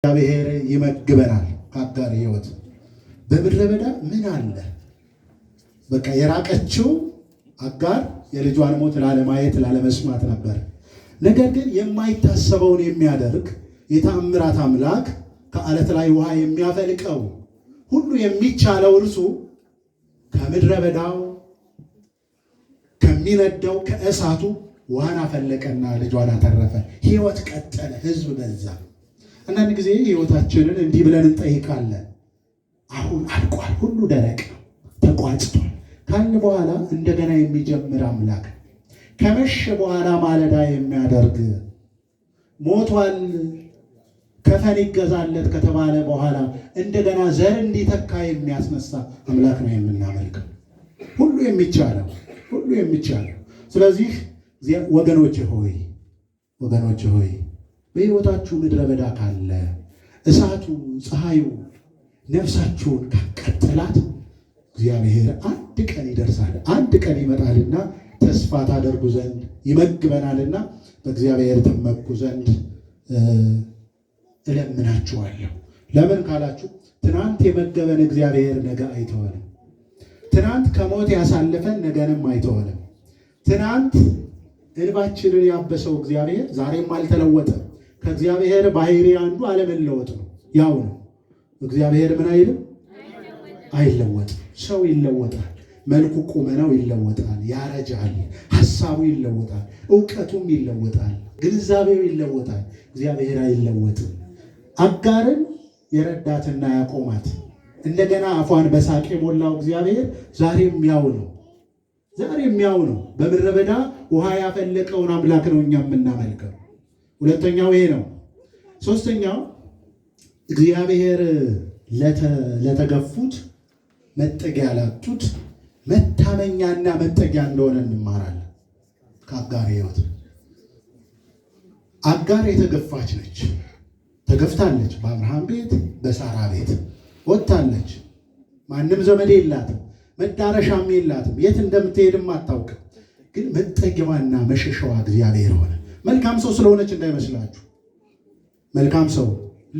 እግዚአብሔር ይመግበናል። ከአጋር ህይወት በምድረ በዳ ምን አለ? በቃ የራቀችው አጋር የልጇን ሞት ላለማየት ላለመስማት ነበር። ነገር ግን የማይታሰበውን የሚያደርግ የታምራት አምላክ ከአለት ላይ ውሃ የሚያፈልቀው ሁሉ የሚቻለው እርሱ ከምድረ በዳው ከሚነደው ከእሳቱ ውሃን አፈለቀና ልጇን አተረፈ። ህይወት ቀጠለ፣ ህዝብ በዛ። አንዳንድ ጊዜ ህይወታችንን እንዲህ ብለን እንጠይቃለን። አሁን አልቋል፣ ሁሉ ደረቅ ነው፣ ተቋጭቷል ካለ በኋላ እንደገና የሚጀምር አምላክ ከመሸ በኋላ ማለዳ የሚያደርግ ሞቷል ከፈን ይገዛለት ከተባለ በኋላ እንደገና ዘር እንዲተካ የሚያስነሳ አምላክ ነው የምናመልከው። ሁሉ የሚቻለው ሁሉ የሚቻለው። ስለዚህ ወገኖች ሆይ ወገኖች ሆይ በሕይወታችሁ ምድረ በዳ ካለ እሳቱ ፀሐዩ ነፍሳችሁን ካቃጠላት እግዚአብሔር አንድ ቀን ይደርሳል፣ አንድ ቀን ይመጣልና ተስፋ ታደርጉ ዘንድ ይመግበናልና በእግዚአብሔር ትመኩ ዘንድ እለምናችኋለሁ። ለምን ካላችሁ ትናንት የመገበን እግዚአብሔር ነገ አይተወንም። ትናንት ከሞት ያሳለፈን ነገንም አይተወንም። ትናንት እንባችንን ያበሰው እግዚአብሔር ዛሬም አልተለወጠም። ከእግዚአብሔር ባህሪ አንዱ አለመለወጥ ነው። ያው ነው። እግዚአብሔር ምን አይልም አይለወጥም። ሰው ይለወጣል። መልኩ ቁመናው ይለወጣል፣ ያረጃል። ሀሳቡ ይለወጣል፣ እውቀቱም ይለወጣል፣ ግንዛቤው ይለወጣል። እግዚአብሔር አይለወጥም። አጋርን የረዳትና ያቆማት እንደገና አፏን በሳቅ የሞላው እግዚአብሔር ዛሬም ያው ነው። ዛሬም ያው ነው። በምድረ በዳ ውሃ ያፈለቀውን አምላክ ነው እኛ የምናመልከው። ሁለተኛው ይሄ ነው። ሶስተኛው እግዚአብሔር ለተገፉት መጠጊያ ላጡት መታመኛና መጠጊያ እንደሆነ እንማራለን። ከአጋር ሕይወት አጋር የተገፋች ነች። ተገፍታለች። በአብርሃም ቤት፣ በሳራ ቤት ወጥታለች። ማንም ዘመድ የላትም፣ መዳረሻም የላትም፣ የት እንደምትሄድም አታውቅም። ግን መጠጊያዋና መሸሻዋ እግዚአብሔር ሆነ። መልካም ሰው ስለሆነች እንዳይመስላችሁ። መልካም ሰው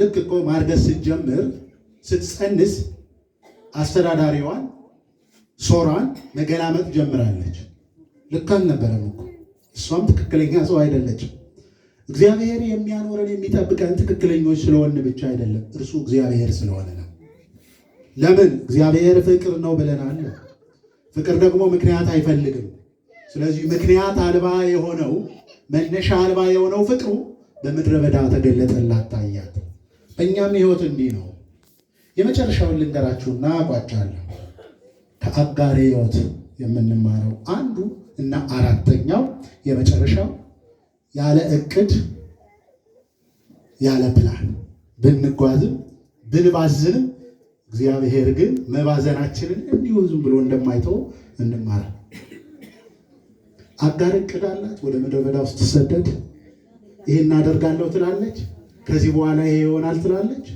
ልክ እኮ ማርገዝ ስትጀምር ስትጸንስ አስተዳዳሪዋን ሶራን መገላመጥ ጀምራለች። ልክ አልነበረም እኮ እሷም ትክክለኛ ሰው አይደለችም። እግዚአብሔር የሚያኖረን የሚጠብቀን ትክክለኞች ስለሆን ብቻ አይደለም፣ እርሱ እግዚአብሔር ስለሆነ ነው። ለምን እግዚአብሔር ፍቅር ነው ብለናል። ፍቅር ደግሞ ምክንያት አይፈልግም። ስለዚህ ምክንያት አልባ የሆነው መነሻ አልባ የሆነው ፍቅሩ በምድረ በዳ ተገለጠላት፣ ታያት። እኛም ሕይወት እንዲህ ነው። የመጨረሻውን ልንገራችሁና አቋጫለሁ። ከአጋር ህይወት የምንማረው አንዱ እና አራተኛው የመጨረሻው ያለ እቅድ ያለ ፕላን ብንጓዝም ብንባዝንም እግዚአብሔር ግን መባዘናችንን እንዲሁ ዝም ብሎ እንደማይተው እንማራል። አጋር እቅድ አላት። ወደ ምድረ በዳ ውስጥ ስትሰደድ ይሄን አደርጋለሁ ትላለች። ከዚህ በኋላ ይሄ ይሆናል ትላለች።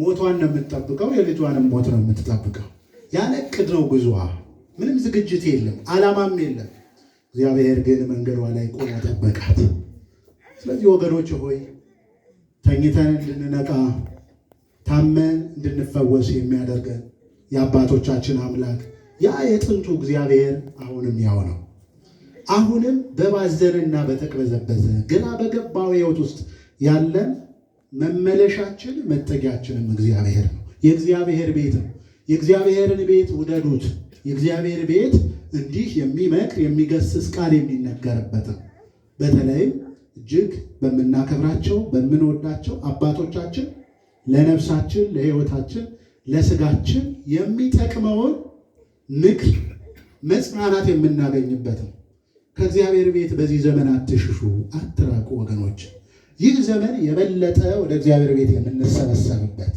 ሞቷን ነው የምትጠብቀው፣ የልጇንም ሞት ነው የምትጠብቀው። ያለ እቅድ ነው ጉዟ። ምንም ዝግጅት የለም፣ አላማም የለም። እግዚአብሔር ግን መንገዷ ላይ ቆሞ ጠበቃት። ስለዚህ ወገኖች ሆይ ተኝተን እንድንነቃ ታመን እንድንፈወስ የሚያደርገን የአባቶቻችን አምላክ ያ የጥንቱ እግዚአብሔር አሁንም ያው ነው። አሁንም በባዘንና በተቅበዘበዘ ግራ በገባው ህይወት ውስጥ ያለን መመለሻችን መጠጊያችንም እግዚአብሔር ነው። የእግዚአብሔር ቤት ነው። የእግዚአብሔርን ቤት ውደዱት። የእግዚአብሔር ቤት እንዲህ የሚመክር የሚገስስ ቃል የሚነገርበት ነው። በተለይም እጅግ በምናከብራቸው በምንወዳቸው አባቶቻችን ለነፍሳችን፣ ለህይወታችን ለስጋችን የሚጠቅመውን ምክር መጽናናት የምናገኝበት ነው። ከእግዚአብሔር ቤት በዚህ ዘመን አትሽሹ፣ አትራቁ ወገኖች። ይህ ዘመን የበለጠ ወደ እግዚአብሔር ቤት የምንሰበሰብበት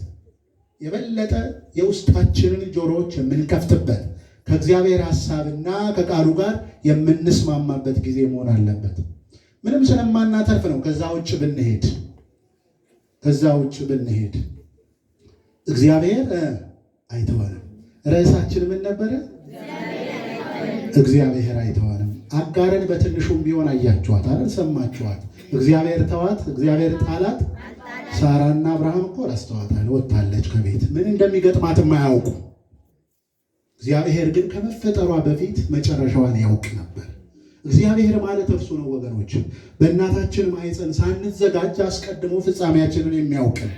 የበለጠ የውስጣችንን ጆሮዎች የምንከፍትበት ከእግዚአብሔር ሐሳብና ከቃሉ ጋር የምንስማማበት ጊዜ መሆን አለበት። ምንም ስለማናተርፍ ነው። ከዛ ውጭ ብንሄድ ከዛ ውጭ ብንሄድ እግዚአብሔር አይተዋልም። ርዕሳችን ምን ነበረ? እግዚአብሔር አይተዋል። አጋርን በትንሹም ቢሆን አያችኋት አይደል? ሰማችኋት። እግዚአብሔር ተዋት፣ እግዚአብሔር ጣላት። ሳራና አብርሃም እኮ ረስተዋታል። ወጥታለች ከቤት ምን እንደሚገጥማት የማያውቁ እግዚአብሔር ግን ከመፈጠሯ በፊት መጨረሻዋን ያውቅ ነበር። እግዚአብሔር ማለት እርሱ ነው ወገኖች። በእናታችን ማኅፀን ሳንዘጋጅ አስቀድሞ ፍጻሜያችንን የሚያውቅ ነው።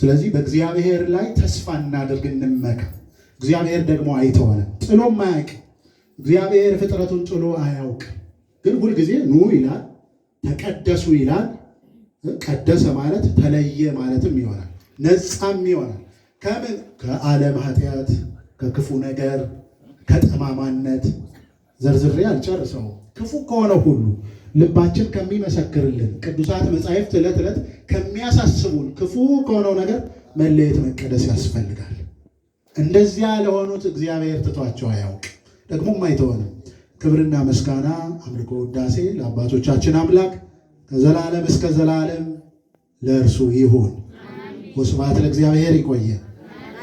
ስለዚህ በእግዚአብሔር ላይ ተስፋ እናድርግ፣ እንመካ። እግዚአብሔር ደግሞ አይተወንም፣ ጥሎም አያውቅም። እግዚአብሔር ፍጥረቱን ጥሎ አያውቅ ግን ሁልጊዜ ኑ ይላል፣ ተቀደሱ ይላል። ቀደሰ ማለት ተለየ ማለትም ይሆናል፣ ነፃም ይሆናል። ከምን ከዓለም ኃጢአት፣ ከክፉ ነገር፣ ከጠማማነት ዘርዝሬ አልጨርሰውም። ክፉ ከሆነ ሁሉ ልባችን ከሚመሰክርልን ቅዱሳት መጻሕፍት ዕለት ዕለት ከሚያሳስቡን ክፉ ከሆነው ነገር መለየት መቀደስ ያስፈልጋል። እንደዚያ ለሆኑት እግዚአብሔር ትቷቸው አያውቅ ደግሞም አይተወንም። ክብርና ምስጋና አምልኮ፣ ውዳሴ ለአባቶቻችን አምላክ ከዘላለም እስከ ዘላለም ለእርሱ ይሁን። ወስብሐት ለእግዚአብሔር። ይቆየ